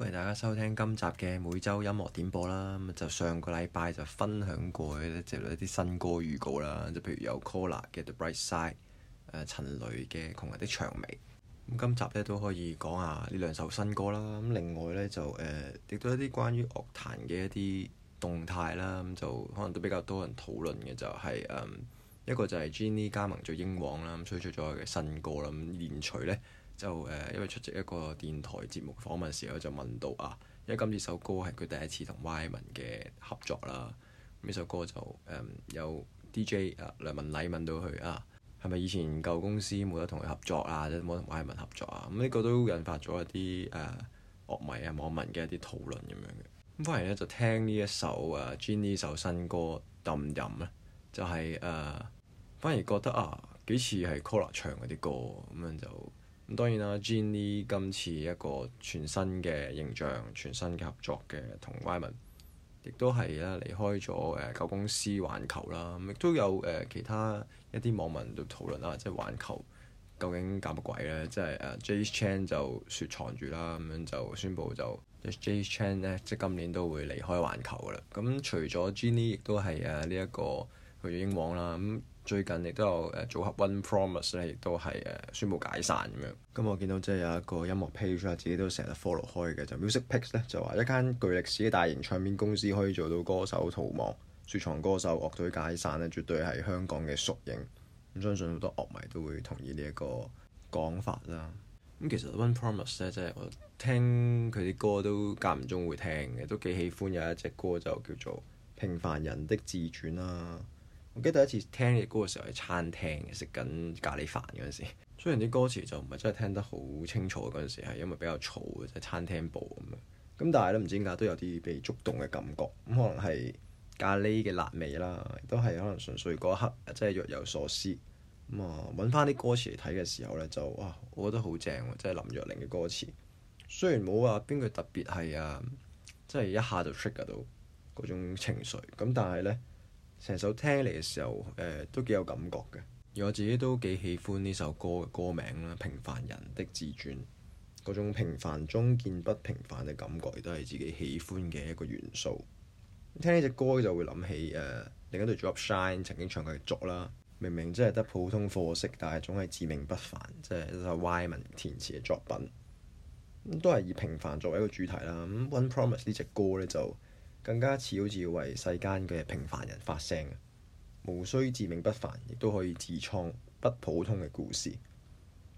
歡迎大家收聽今集嘅每周音樂點播啦。咁就上個禮拜就分享過去一啲一啲新歌預告啦，就譬如有 Collar 嘅《The Bright Side》、呃，誒陳蕾嘅《窮人的薔薇》。咁今集咧都可以講下呢兩首新歌啦。咁另外咧就誒、呃、亦都一啲關於樂壇嘅一啲動態啦。咁、嗯、就可能都比較多人討論嘅就係、是、誒、嗯、一個就係 Gin Lee 加盟咗英皇啦。咁、嗯、推出咗佢嘅新歌啦。咁、嗯、連隨咧。就誒、呃，因為出席一個電台節目訪問時候，就問到啊，因為今次首歌係佢第一次同 Wyman 嘅合作啦。呢首歌就誒、呃、有 D.J. 啊、呃，梁文禮問到佢啊，係咪以前舊公司冇得同佢合作啊，或者冇同 Wyman 合作啊？咁、嗯、呢、這個都引發咗一啲誒樂迷啊、網民嘅一啲討論咁樣嘅。咁反而咧就聽呢一首啊，Gin 呢首新歌氹氹咧， 就係、是、誒、呃、反而覺得啊幾似係 Collar 唱嗰啲歌咁樣就。咁當然啦，Gin Lee 今次一個全新嘅形象，全新嘅合作嘅同 Wyman，亦都係啦離開咗誒、呃、舊公司環球啦，咁亦都有誒、呃、其他一啲網民都討論啦，即係環球究竟搞乜鬼咧？即係誒 Jace Chan 就雪藏住啦，咁樣就宣布就、就是、Jace Chan 咧，即係今年都會離開環球噶、嗯啊這個、啦。咁除咗 Gin Lee，亦都係啊呢一個去英皇啦咁。最近亦都有誒組合 One Promise 咧，亦都係誒宣布解散咁樣。咁我見到即係有一個音樂 page 啊，自己都成日 follow 開嘅就 music picks 咧，就話一間具歷史嘅大型唱片公司可以做到歌手逃亡、雪藏歌手、樂隊解散咧，絕對係香港嘅縮影。我相信好多樂迷都會同意呢一個講法啦。咁其實 One Promise 咧，即係我聽佢啲歌都間唔中會聽嘅，都幾喜歡，有一隻歌就叫做《平凡人的自傳》啦。我記得第一次聽呢首歌嘅時候係餐廳食緊咖喱飯嗰陣時。雖然啲歌詞就唔係真係聽得好清楚嗰陣時，係因為比較嘈嘅啫，即係餐廳部咁。咁但係咧，唔知點解都有啲被觸動嘅感覺。咁可能係咖喱嘅辣味啦，都係可能純粹嗰一刻即係、就是、若有所思。咁啊，揾翻啲歌詞嚟睇嘅時候咧，就哇，我覺得好正、啊，即係林若寧嘅歌詞。雖然冇話邊句特別係啊，即、就、係、是、一下就 trigger 到嗰種情緒。咁但係咧。成首聽嚟嘅時候，誒、呃、都幾有感覺嘅。而我自己都幾喜歡呢首歌嘅歌名啦，《平凡人的自尊》。嗰種平凡中見不平凡嘅感覺，亦都係自己喜歡嘅一個元素。聽呢隻歌就會諗起誒、呃、另一對組合 Shine 曾經唱過嘅作啦。明明真係得普通貨色，但係總係自命不凡，即係一首歪文填詞嘅作品。都係以平凡作為一個主題啦。咁《One Promise》歌呢隻歌咧就～更加似好似要為世間嘅平凡人發聲嘅，無需自命不凡，亦都可以自創不普通嘅故事。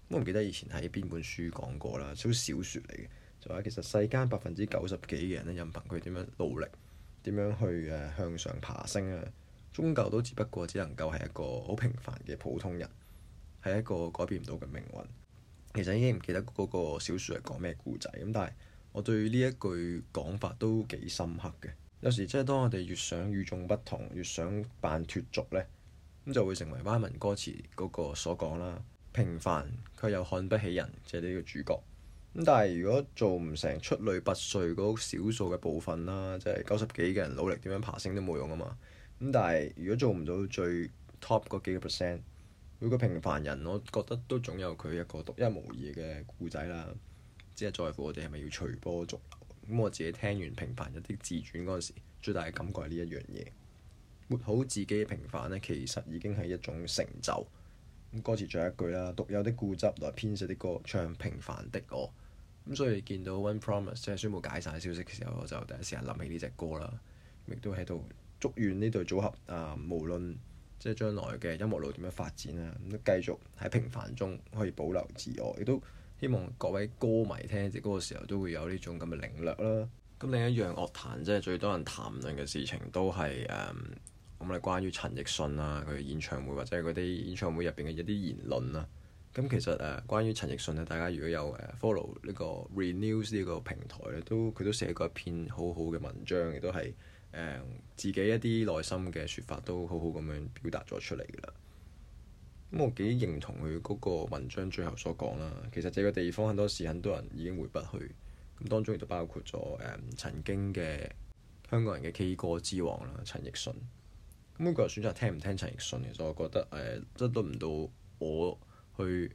我唔記得以前喺邊本書講過啦，屬於小説嚟嘅，就話、是、其實世間百分之九十幾嘅人咧，任憑佢點樣努力，點樣去誒向上爬升啊，終究都只不過只能夠係一個好平凡嘅普通人，係一個改變唔到嘅命運。其實已經唔記得嗰個小説係講咩故仔咁，但係。我對呢一句講法都幾深刻嘅。有時即係當我哋越想與眾不同，越想扮脫俗呢，咁就會成為 Wyman 歌詞嗰個所講啦。平凡，卻又看不起人，即係呢個主角。咁但係如果做唔成出類拔萃嗰少數嘅部分啦，即係九十幾嘅人努力點樣爬升都冇用啊嘛。咁但係如果做唔到最 top 嗰幾個 percent，每個平凡人，我覺得都總有佢一個獨一無二嘅故仔啦。即係在乎我哋係咪要隨波逐流？咁我自己聽完《平凡人的自轉》嗰陣時，最大嘅感覺係呢一樣嘢：活好自己平凡呢其實已經係一種成就。歌詞仲有一句啦，獨有的固執來編寫的歌，唱平凡的我。咁所以見到《One Promise》即係、就是、宣布解散消息嘅時候，我就第一時間諗起呢隻歌啦。亦都喺度祝願呢對組合啊，無論即係將來嘅音樂路點樣發展啦，咁都繼續喺平凡中可以保留自我，亦都。希望各位歌迷聽者嗰個時候都會有呢種咁嘅領略啦。咁另一樣樂壇即係最多人談論嘅事情都係誒，咁、嗯、咪關於陳奕迅啊，佢嘅演唱會或者係嗰啲演唱會入邊嘅一啲言論啊。咁其實誒、啊、關於陳奕迅咧，大家如果有誒、啊、follow 呢個 renews 呢個平台咧，都佢都寫過一篇好好嘅文章，亦都係誒、嗯、自己一啲內心嘅説法都好好咁樣表達咗出嚟㗎啦。咁我幾認同佢嗰個文章最後所講啦，其實這個地方很多時很多人已經回不去，咁當中亦都包括咗誒、呃、曾經嘅香港人嘅 K 歌之王啦，陳奕迅。咁每個人選擇聽唔聽陳奕迅，其實我覺得即都唔到我去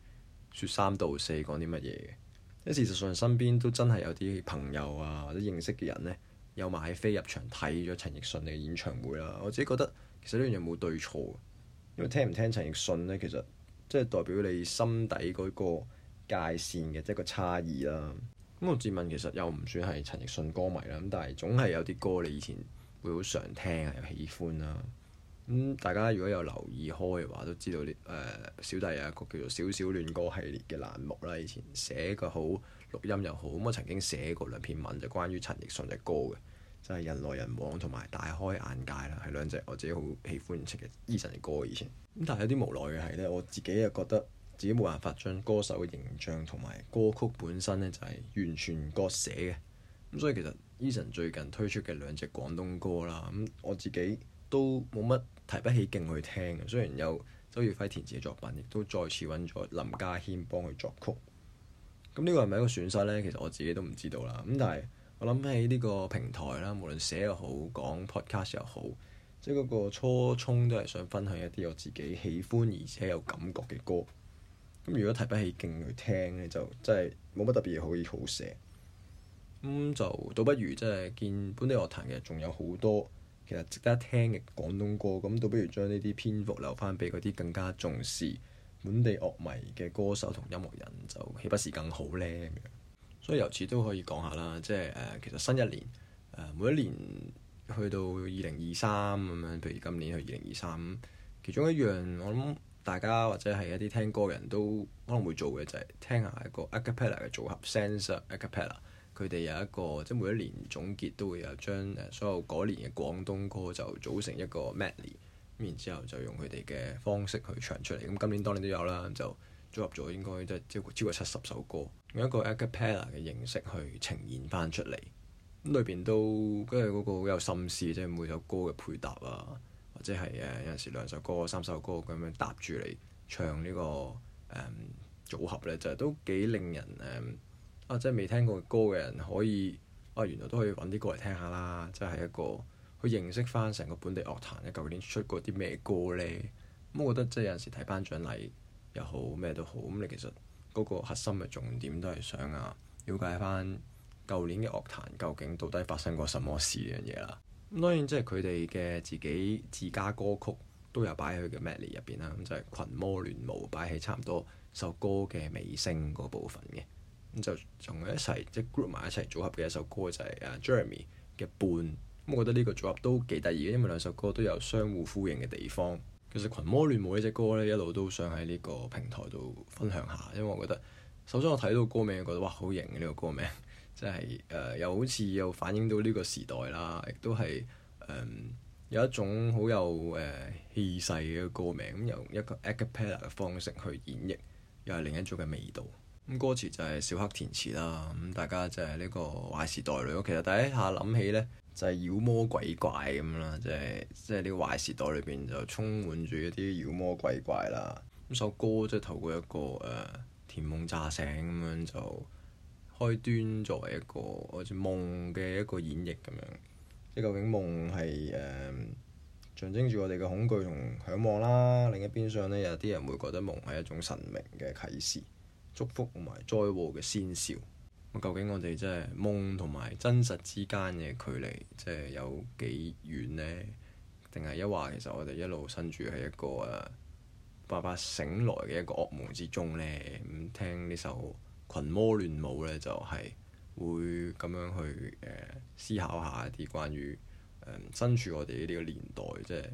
説三道四講啲乜嘢嘅。因事實上身邊都真係有啲朋友啊或者認識嘅人呢，有埋喺飛入場睇咗陳奕迅嘅演唱會啦。我自己覺得其實呢樣嘢冇對錯。因為聽唔聽陳奕迅咧，其實即係代表你心底嗰個界線嘅，即、就、係、是、個差異啦。咁我自問其實又唔算係陳奕迅歌迷啦，咁但係總係有啲歌你以前會好常聽啊，又喜歡啦。咁、嗯、大家如果有留意開嘅話，都知道啲誒、呃、小弟有一個叫做少少戀歌系列嘅欄目啦，以前寫過好錄音又好，咁我曾經寫過兩篇文就關於陳奕迅嘅歌嘅。就係人來人往同埋大開眼界啦，係兩隻我自己好喜歡嘅 Eason 嘅歌。以前咁，但係有啲無奈嘅係咧，我自己又覺得自己冇辦法將歌手嘅形象同埋歌曲本身咧，就係完全割捨嘅。咁、嗯、所以其實 Eason 最近推出嘅兩隻廣東歌啦，咁、嗯、我自己都冇乜提不起勁去聽。雖然有周耀輝填詞嘅作品，亦都再次揾咗林家謙幫佢作曲。咁、嗯、呢、呢個係咪一個損失呢？其實我自己都唔知道啦。咁、嗯、但係，我諗起呢個平台啦，無論寫又好，講 podcast 又好，即係嗰個初衷都係想分享一啲我自己喜歡而且有感覺嘅歌。咁如果提不起勁去聽咧，就真係冇乜特別嘢可以好寫。咁就倒不如即係見本地樂壇嘅仲有好多其實值得聽嘅廣東歌，咁倒不如將呢啲篇幅留翻俾嗰啲更加重視本地樂迷嘅歌手同音樂人，就豈不是更好咧？所以由此都可以講下啦，即係誒、呃、其實新一年誒、呃、每一年去到二零二三咁樣，譬如今年去二零二三，其中一樣我諗大家或者係一啲聽歌人都可能會做嘅就係、是、聽一下一個 A Cappella 嘅組合 SENZA A Cappella，佢哋有一個即係每一年總結都會有將誒所有嗰年嘅廣東歌就組成一個 Medley 咁然之後就用佢哋嘅方式去唱出嚟，咁今年當然都有啦，就。組合咗應該即係超過超過七十首歌，用一個 A Cappella 嘅形式去呈現翻出嚟，咁裏邊都跟住嗰個好有心思，即、就、係、是、每首歌嘅配搭啊，或者係誒有陣時兩首歌、三首歌咁樣搭住嚟唱呢、這個誒、嗯、組合咧，就是、都幾令人誒、嗯、啊！即係未聽過的歌嘅人可以啊，原來都可以揾啲歌嚟聽下啦，即、就、係、是、一個去認識翻成個本地樂壇咧。舊年出過啲咩歌咧？咁、嗯、我覺得即係有陣時睇頒獎禮。又好咩都好，咁你其實嗰個核心嘅重點都係想啊，了解翻舊年嘅樂壇究竟到底發生過什麼事呢樣嘢啦。咁當然即係佢哋嘅自己自家歌曲都有擺喺佢嘅 Medley 入邊啦，咁就係群魔亂舞擺喺差唔多首歌嘅尾聲嗰部分嘅。咁就同佢一齊即係 group 埋一齊組合嘅一首歌就係啊 Jeremy 嘅伴，咁我覺得呢個組合都幾得意嘅，因為兩首歌都有相互呼應嘅地方。其實《群魔亂舞》呢隻歌呢，一路都想喺呢個平台度分享下，因為我覺得首先我睇到歌名覺得哇，好型呢個歌名，即係誒又好似又反映到呢個時代啦，亦都係誒、呃、有一種好有誒、呃、氣勢嘅歌名，咁用一個 A Cappella 嘅方式去演繹，又係另一種嘅味道。歌詞就係小黑填詞啦。咁大家就係呢個壞時代裏，其實第一下諗起呢，就係妖魔鬼怪咁啦，即係即係呢個壞時代裏邊就充滿住一啲妖魔鬼怪啦。咁首歌即係透過一個誒甜、呃、夢炸醒咁樣就開端作為一個好似夢嘅一個演繹咁樣。即係究竟夢係誒、呃、象徵住我哋嘅恐懼同嚮望啦，另一邊上呢，有啲人會覺得夢係一種神明嘅啟示。祝福同埋災禍嘅先兆，咁究竟我哋即係夢同埋真實之間嘅距離，即係有幾遠呢？定係一話其實我哋一路身處喺一個誒、啊，爸爸醒來嘅一個噩夢之中呢？咁聽呢首《群魔亂舞》咧，就係、是、會咁樣去誒、呃、思考一下一啲關於誒、呃、身處我哋呢個年代，即、就、係、是、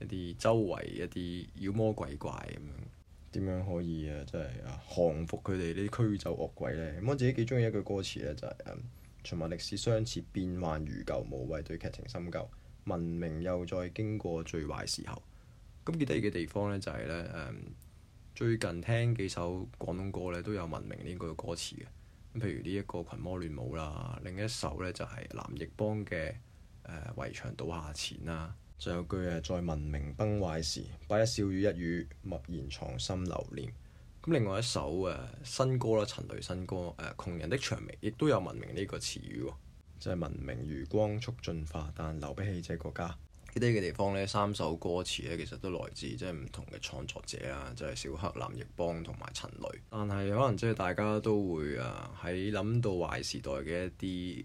一啲周圍一啲妖魔鬼怪咁樣。點樣可以啊？真係啊，降服佢哋呢啲驅走惡鬼呢。咁我自己幾鍾意一句歌詞呢，就係、是、誒，循環歷史相似，變幻如舊，無謂對劇情深究，文明又再經過最壞時候。咁幾得意嘅地方呢，就係、是、呢、嗯。最近聽幾首廣東歌呢，都有文明呢句歌詞嘅。咁譬如呢一個《群魔亂舞》啦，另一首呢，就係、是、藍奕邦嘅《誒、呃、圍牆倒下前》啦。仲有句誒，在文明崩壞時，把一笑語一語，默然藏心留念。咁另外一首誒新歌啦，陳蕾新歌誒《窮、啊、人的薔薇》亦都有文明呢個詞語，就係文明如光速進化，但留不起這國家。呢啲嘅地方呢，三首歌詞呢，其實都來自即係唔同嘅創作者啊，就係、是、小黑林、藍奕邦同埋陳蕾。但係可能即係大家都會啊喺諗到壞時代嘅一啲。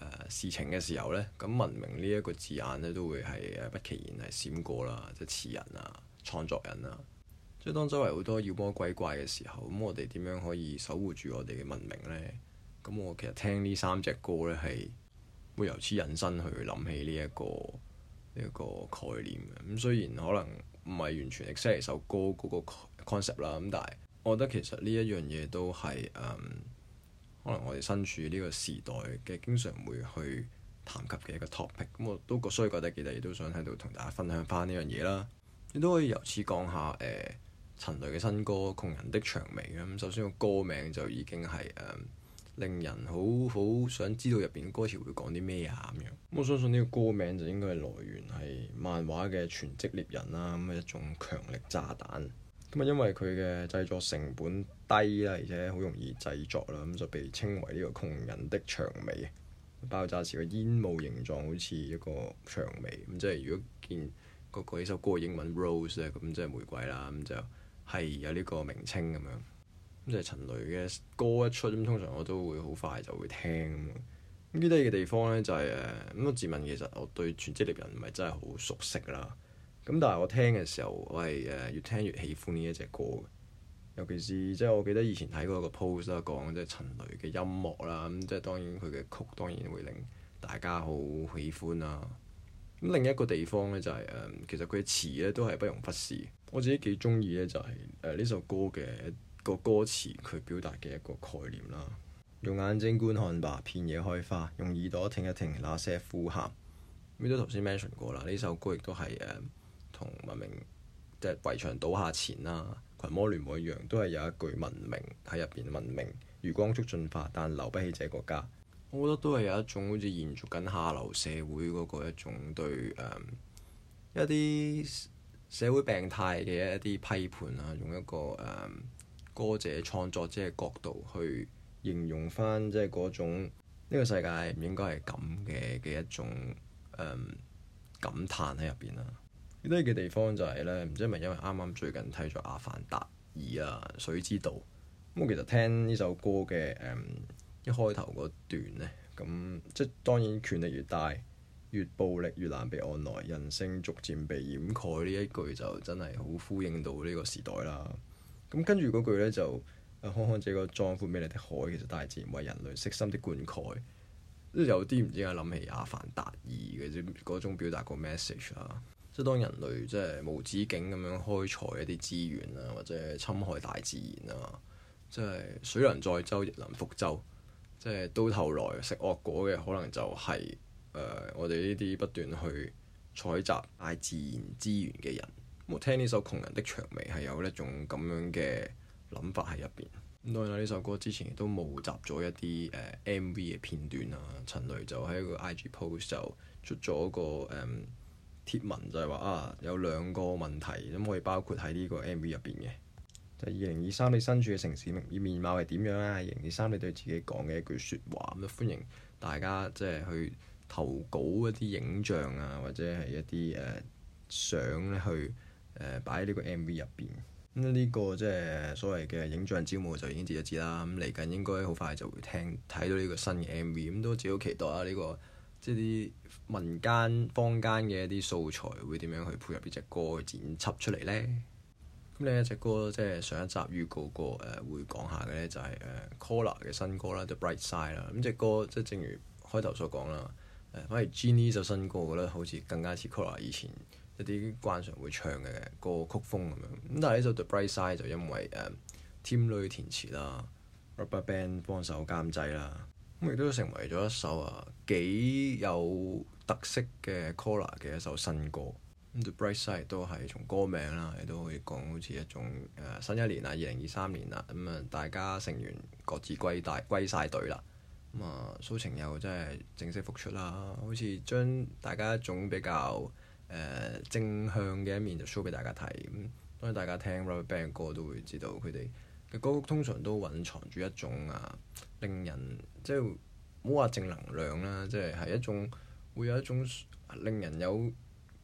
呃、事情嘅時候呢，咁文明呢一個字眼呢，都會係誒不期然係閃過啦，即係詞人啊、創作人啊，即係當周圍好多妖魔鬼怪嘅時候，咁我哋點樣可以守護住我哋嘅文明呢？咁我其實聽呢三隻歌呢，係會由此引申去諗起呢一個呢一個概念嘅。咁雖然可能唔係完全 express 首歌嗰個 concept 啦，咁但係我覺得其實呢一樣嘢都係誒。嗯可能我哋身處呢個時代嘅經常會去談及嘅一個 topic，咁我都覺所以覺得幾得意，都想喺度同大家分享翻呢樣嘢啦。亦都可以由此講下誒、呃、陳蕾嘅新歌《窮人的薔薇》咁、嗯，首先個歌名就已經係誒、嗯、令人好好想知道入邊歌詞會講啲咩啊咁樣、嗯。我相信呢個歌名就應該係來源係漫畫嘅《全職獵人》啦、嗯，咁一種強力炸彈。咁啊，因為佢嘅製作成本低啦，而且好容易製作啦，咁就被稱為呢個窮人的薔薇。爆炸時嘅煙霧形狀好似一個薔薇，咁即係如果見個嗰首歌嘅英文 rose 咧，咁即係玫瑰啦，咁就係有呢個名稱咁樣。咁即係陳蕾嘅歌一出，咁通常我都會好快就會聽。咁啲低嘅地方咧就係、是、誒，咁我自問其實我對全職獵人唔係真係好熟悉啦。咁但係我聽嘅時候，我係誒越聽越喜歡呢一隻歌嘅，尤其是即係我記得以前睇過一個 post 講啦，講即係陳雷嘅音樂啦。咁即係當然佢嘅曲當然會令大家好喜歡啦。咁另一個地方咧就係、是、誒，其實佢嘅詞咧都係不容忽視。我自己幾中意咧就係誒呢首歌嘅、那個歌詞，佢表達嘅一個概念啦。用眼睛觀看吧，遍野開花；用耳朵聽一聽那些呼喊。咁都頭先 mention 過啦，呢首歌亦都係誒。嗯同文明即係圍牆倒下前啦，群魔亂舞一樣，都係有一句文明喺入邊，文明如光速進化，但留不起這國家。我覺得都係有一種好似延續緊下流社會嗰個一種對誒、嗯、一啲社會病態嘅一啲批判啊，用一個誒、嗯、歌者、創作者嘅角度去形容翻即係嗰種呢、這個世界唔應該係咁嘅嘅一種誒、嗯、感嘆喺入邊啊。最得意嘅地方就係、是、咧，唔知係咪因為啱啱最近睇咗《阿凡達二》啊，《水之道》咁，我其實聽呢首歌嘅誒、嗯、一開頭嗰段咧，咁即係當然權力越大越暴力越難被按耐，人性逐漸被掩蓋呢一句就真係好呼應到呢個時代啦。咁跟住嗰句咧就，看看這個壯闊美麗的海，其實大自然為人類悉心的灌溉，都有啲唔知點解諗起阿《阿凡達二》嘅啫嗰種表達個 message 啊。即係當人類即係無止境咁樣開採一啲資源啊，或者侵害大自然啊，即係水能載舟亦能覆舟，即係到頭來食惡果嘅可能就係、是、誒、呃、我哋呢啲不斷去採集大自然資源嘅人。咁聽呢首窮人的薔薇係有一種咁樣嘅諗法喺入邊。咁當然啦，呢首歌之前亦都募集咗一啲誒、呃、M V 嘅片段啊，陳蕾就喺個 I G post 就出咗個誒。嗯貼文就係話啊，有兩個問題咁可以包括喺呢個 MV 入邊嘅。就係二零二三你身處嘅城市面面貌係點樣啊？二零二三你對自己講嘅一句説話咁，歡迎大家即係、就是、去投稿一啲影像啊，或者係一啲誒相咧去誒擺喺呢個 MV 入邊。咁呢個即係所謂嘅影像招募就已經截止啦。咁嚟緊應該好快就會聽睇到呢個新嘅 MV。咁都只好期待啊！呢、呢個即係啲民間、坊間嘅一啲素材會點樣去配合呢隻歌去剪輯出嚟呢？咁另一隻歌即係上一集預告過誒、呃、會講下嘅呢、就是，就係誒 COLLAR 嘅新歌啦，《The Bright Side》啦。咁隻歌即係正如開頭所講啦、呃，反而 Gin Lee 首新歌我覺得好似更加似 COLLAR 以前一啲慣常會唱嘅歌曲風咁樣。咁但係呢首《The Bright Side》就因為誒 Tim Lui 填詞啦，RubberBand 幫手監製啦。咁亦都成為咗一首啊幾有特色嘅 COLLAR 嘅一首新歌。咁 The Bright Side 都係從歌名啦，亦都可以講好似一種誒、呃、新一年啊、二零二三年啦。咁、嗯、啊，大家成員各自歸大歸晒隊啦。咁啊、嗯呃，蘇晴又真係正式復出啦，好似將大家一種比較誒、呃、正向嘅一面就 show 俾大家睇。咁、嗯、當然大家聽 RubberBand 嘅歌都會知道佢哋。歌曲通常都隱藏住一種啊，令人即係冇話正能量啦，即係係一種會有一種令人有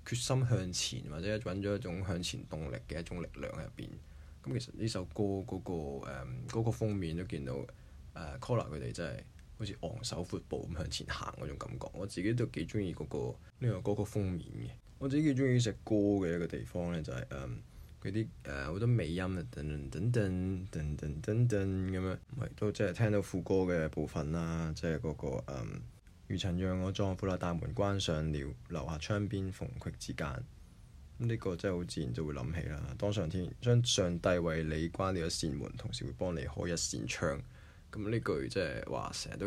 決心向前，或者揾咗一種向前動力嘅一種力量喺入邊。咁、嗯、其實呢首歌嗰、嗰個誒、嗯嗰個、封面都見到誒 COLLAR 佢哋真係好似昂首闊步咁向前行嗰種感覺，我自己都幾中意嗰個呢、嗰個歌曲封面嘅。我自己幾中意呢首歌嘅一個地方咧、就係，就係誒。佢啲誒好多尾音啊，等等等等等等。噔咁樣，唔係都即係聽到副歌嘅部分啦，即係嗰個誒餘塵讓我撞苦啦，大門關上了，留下窗邊縫隙之間。咁、嗯、呢、呢個真係好自然就會諗起啦。當上天將上帝為你關了一扇門，同時會幫你開一扇窗。咁呢句即係話成日都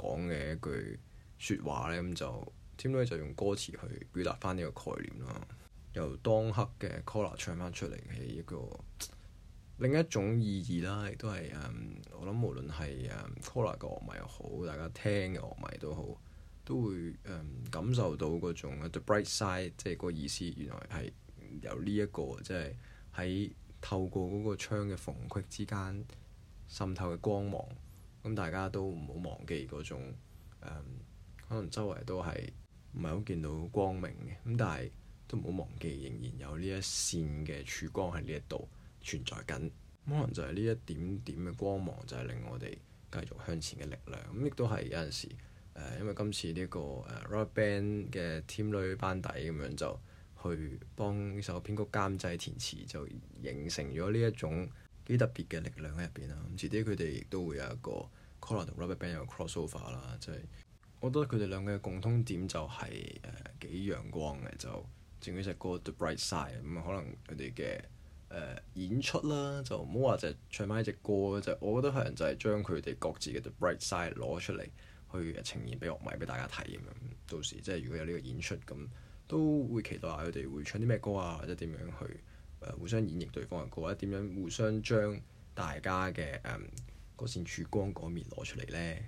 講嘅一句説話咧，咁就，點解就用歌詞去表達翻呢個概念咯？由當刻嘅 Collar 唱翻出嚟，係一個另一種意義啦。亦都係誒、嗯，我諗無論係誒 Collar 嘅樂迷又好，大家聽嘅樂迷都好，都會誒、嗯、感受到嗰種 The Bright Side，即係嗰個意思。原來係由呢一個即係喺透過嗰個窗嘅縫隙之間滲透嘅光芒。咁、嗯、大家都唔好忘記嗰種、嗯、可能周圍都係唔係好見到光明嘅咁、嗯，但係，都唔好忘記，仍然有呢一線嘅曙光喺呢一度存在緊。可能就係呢一點點嘅光芒，就係、是、令我哋繼續向前嘅力量。咁、嗯、亦都係有陣時誒、呃，因為今次呢、這個 RubberBand 嘅 Tim Lui，班底咁樣就去幫手編曲監製填詞，就形成咗呢一種幾特別嘅力量喺入邊啦。遲啲佢哋亦都會有一個 COLLAR 同 RubberBand 有 crossover 啦，即係、啊就是、我覺得佢哋兩個嘅共通點就係誒幾陽光嘅就。整佢隻歌《The Bright Side》，咁可能佢哋嘅誒演出啦，就唔好話就唱埋隻歌，就我覺得可能就係將佢哋各自嘅《The Bright Side》攞出嚟去呈現俾樂迷，俾大家睇咁樣。到時即係如果有呢個演出咁，都會期待下佢哋會唱啲咩歌啊，或者點樣去誒、呃、互相演繹對方嘅歌或者點樣互相將大家嘅誒線曙光嗰面攞出嚟咧？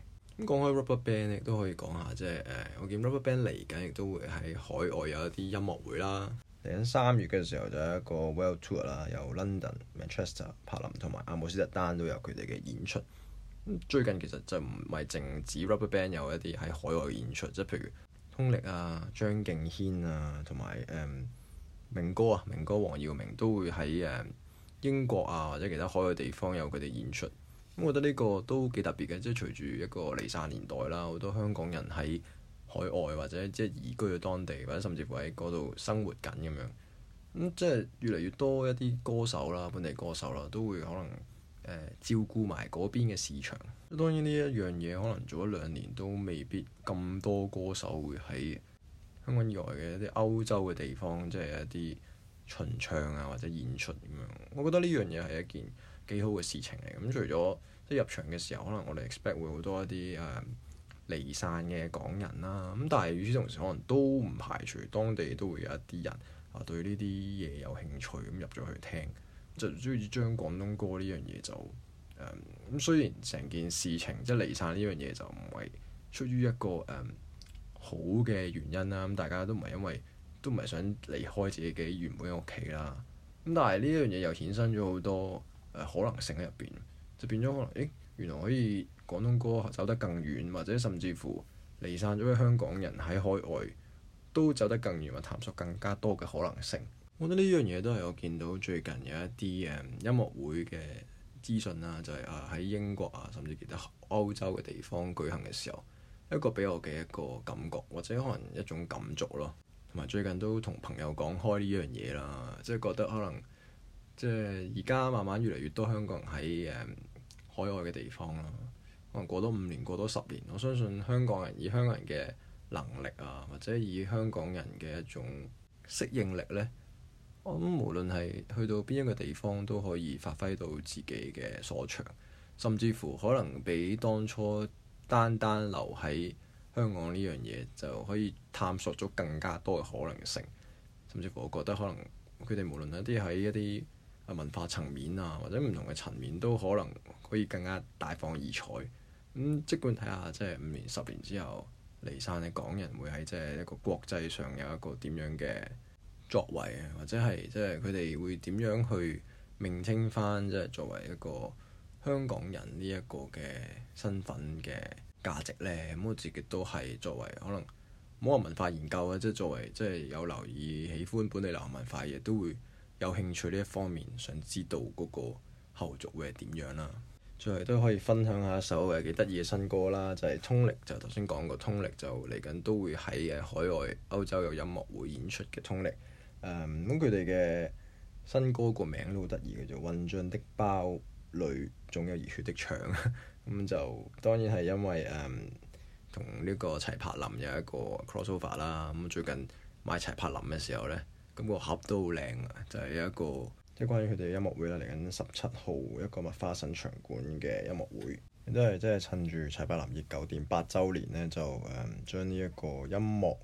講開 RubberBand 亦都可以講下，即係誒，我見 RubberBand 嚟緊亦都會喺海外有一啲音樂會啦。嚟緊三月嘅時候就有一個 World Tour 啦，有 London、Manchester、柏林同埋阿姆斯特丹都有佢哋嘅演出，嗯。最近其實就唔係淨止 RubberBand 有一啲喺海外演出，即係譬如通力啊、張敬軒啊，同埋誒明哥啊，明哥黃耀明都會喺誒、嗯、英國啊或者其他海外地方有佢哋演出。咁我覺得呢個都幾特別嘅，即係隨住一個離散年代啦，好多香港人喺海外或者即係移居咗當地，或者甚至乎喺嗰度生活緊咁樣。咁即係越嚟越多一啲歌手啦，本地歌手啦，都會可能、呃、照顧埋嗰邊嘅市場。當然呢一樣嘢，可能做咗兩年都未必咁多歌手會喺香港以外嘅一啲歐洲嘅地方，即係一啲巡唱啊或者演出咁樣。我覺得呢樣嘢係一件。幾好嘅事情嚟咁、嗯，除咗即係入場嘅時候，可能我哋 expect 會好多一啲誒離散嘅港人啦。咁、嗯、但係與此同時可能都唔排除當地都會有一啲人啊對呢啲嘢有興趣咁入咗去聽，就中意將廣東歌呢樣嘢就誒，咁、嗯。雖然成件事情即係離散呢樣嘢就唔係出於一個誒、嗯、好嘅原因啦。咁、嗯、大家都唔係因為都唔係想離開自己嘅原本嘅屋企啦。咁、嗯、但係呢樣嘢又衍生咗好多。誒可能性喺入邊，就變咗可能，誒原來可以廣東歌走得更遠，或者甚至乎離散咗嘅香港人喺海外都走得更遠，或者探索更加多嘅可能性。我覺得呢樣嘢都係我見到最近有一啲誒音樂會嘅資訊啦，就係啊喺英國啊甚至其他歐洲嘅地方舉行嘅時候，一個俾我嘅一個感覺，或者可能一種感觸咯。同埋最近都同朋友講開呢樣嘢啦，即係覺得可能。即係而家慢慢越嚟越多香港人喺誒、嗯、海外嘅地方啦、啊，可能過多五年、過多十年，我相信香港人以香港人嘅能力啊，或者以香港人嘅一種適應力咧，我諗無論係去到邊一個地方都可以發揮到自己嘅所長，甚至乎可能比當初單單留喺香港呢樣嘢就可以探索咗更加多嘅可能性。甚至乎，我覺得可能佢哋無論一啲喺一啲。文化層面啊，或者唔同嘅層面都可能可以更加大放異彩。咁、嗯、即管睇下，即係五年、十年之後，離散嘅港人會喺即係一個國際上有一個點樣嘅作為，啊，或者係即係佢哋會點樣去命稱翻，即、就、係、是、作為一個香港人呢一個嘅身份嘅價值咧。咁我自己都係作為可能冇話文化研究啊，即、就、係、是、作為即係、就是、有留意、喜歡本地流行文化亦都會。有興趣呢一方面，想知道嗰個後續會係點樣啦。最後都可以分享一下首誒幾得意嘅新歌啦，就係、是、ToNick 就頭先講過，ToNick 就嚟緊都會喺海外歐洲有音樂會演出嘅 ToNick。誒咁佢哋嘅新歌個名都好得意嘅，就是、混進的包裏總有熱血的腸。咁 就當然係因為同呢、嗯、個齊柏林有一個 crossover 啦。咁最近買齊柏林嘅時候呢。咁個盒都好靚啊！就係、是、一個即係關於佢哋嘅音樂會啦，嚟緊十七號一個麥花臣場館嘅音樂會，都係即係趁住齊柏林熱狗店八週年咧，就誒、嗯、將呢一個音樂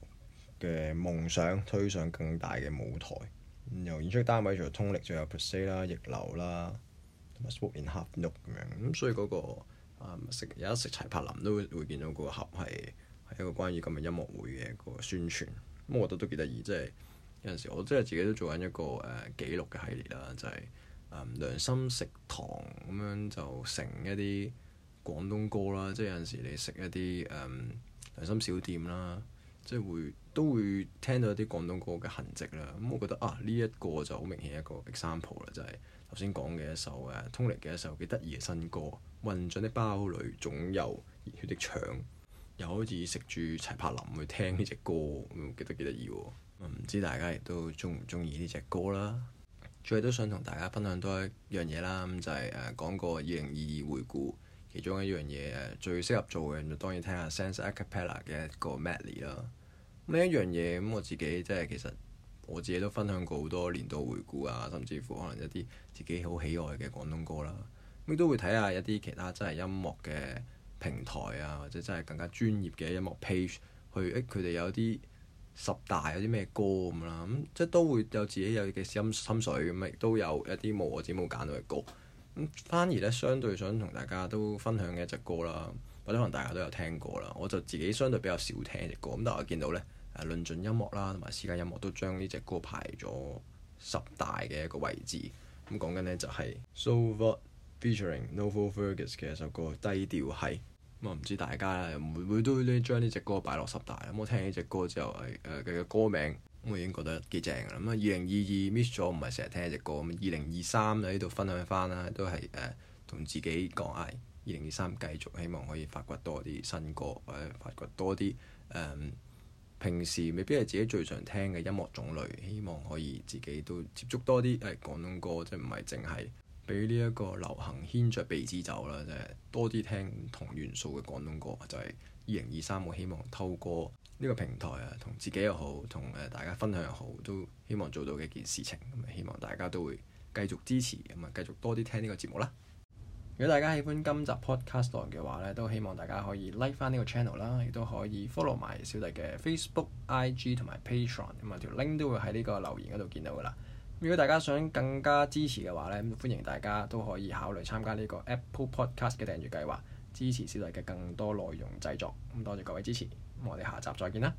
嘅夢想推上更大嘅舞台。由演出單位仲有通力，仲有 Per se 啦、逆流啦，同埋 Sportin’ Hard 咁樣。咁、嗯、所以嗰、那個啊食有一食齊柏林都會會見到嗰個盒係係一個關於咁嘅音樂會嘅一個宣傳。咁、嗯、我覺得都幾得意，即係～有陣時我真係自己都做緊一個誒記、呃、錄嘅系列啦，就係、是呃、良心食堂咁樣就成一啲廣東歌啦，即、就、係、是、有陣時你食一啲誒、呃、良心小店啦，即、就、係、是、會都會聽到一啲廣東歌嘅痕跡啦。咁、嗯、我覺得啊，呢、這、一個就好明顯一個 example 啦，就係頭先講嘅一首誒、啊、ToNick 嘅一首幾得意嘅新歌《混進的包裏總有熱血的腸》，又好似食住齊柏林去聽呢隻歌，唔記得幾得意喎。唔知大家亦都鍾唔鍾意呢隻歌啦，最係都想同大家分享多一樣嘢啦，咁就係、是、誒、啊、講個二零二二回顧其中一樣嘢誒最適合做嘅，就當然聽下 SENZA A Cappella 嘅一個 Medley 啦。咁呢一樣嘢，咁我自己即係其實我自己都分享過好多年度回顧啊，甚至乎可能一啲自己好喜愛嘅廣東歌啦。咁亦都會睇下一啲其他真係音樂嘅平台啊，或者真係更加專業嘅音樂 page 去誒，佢、啊、哋有啲。十大有啲咩歌咁啦，咁、嗯、即係都會有自己有嘅心心水咁，亦、嗯、都有一啲冇我自己冇揀到嘅歌。咁、嗯、反而咧，相對想同大家都分享嘅一隻歌啦，或者可能大家都有聽過啦。我就自己相對比較少聽隻歌，咁、嗯、但係我見到咧，誒論盡音樂啦，同埋私家音樂都將呢隻歌排咗十大嘅一個位置。咁、嗯、講緊呢，就係、是、Sov featuring Novel Fergus 嘅一首歌《低調系》。咁啊，唔知大家會唔會都將呢隻歌擺落十大，咁、嗯、我聽呢隻歌之後，誒佢嘅歌名，我已經覺得幾正啦。咁、嗯嗯、啊，二零二二 miss 咗，唔係成日聽呢隻歌。咁二零二三喺度分享翻啦，都係誒同自己講，唉、啊，二零二三繼續，希望可以發掘多啲新歌，或、啊、者發掘多啲誒、嗯、平時未必係自己最常聽嘅音樂種類，希望可以自己都接觸多啲誒、啊、廣東歌，即係唔係淨係。俾呢一個流行牽着鼻子走啦，就係多啲聽唔同元素嘅廣東歌，就係二零二三，我希望透過呢個平台啊，同自己又好，同誒大家分享又好，都希望做到嘅一件事情。咁希望大家都會繼續支持，咁啊，繼續多啲聽呢個節目啦。如果大家喜歡今集 podcast 嘅話咧，都希望大家可以 like 翻呢個 channel 啦，亦都可以 follow 埋小弟嘅 Facebook、IG 同埋 Patreon，咁啊條 link 都會喺呢個留言嗰度見到噶啦。如果大家想更加支持嘅話咧，咁歡迎大家都可以考慮參加呢個 Apple Podcast 嘅訂閱計劃，支持小弟嘅更多內容製作。多謝各位支持，我哋下集再見啦。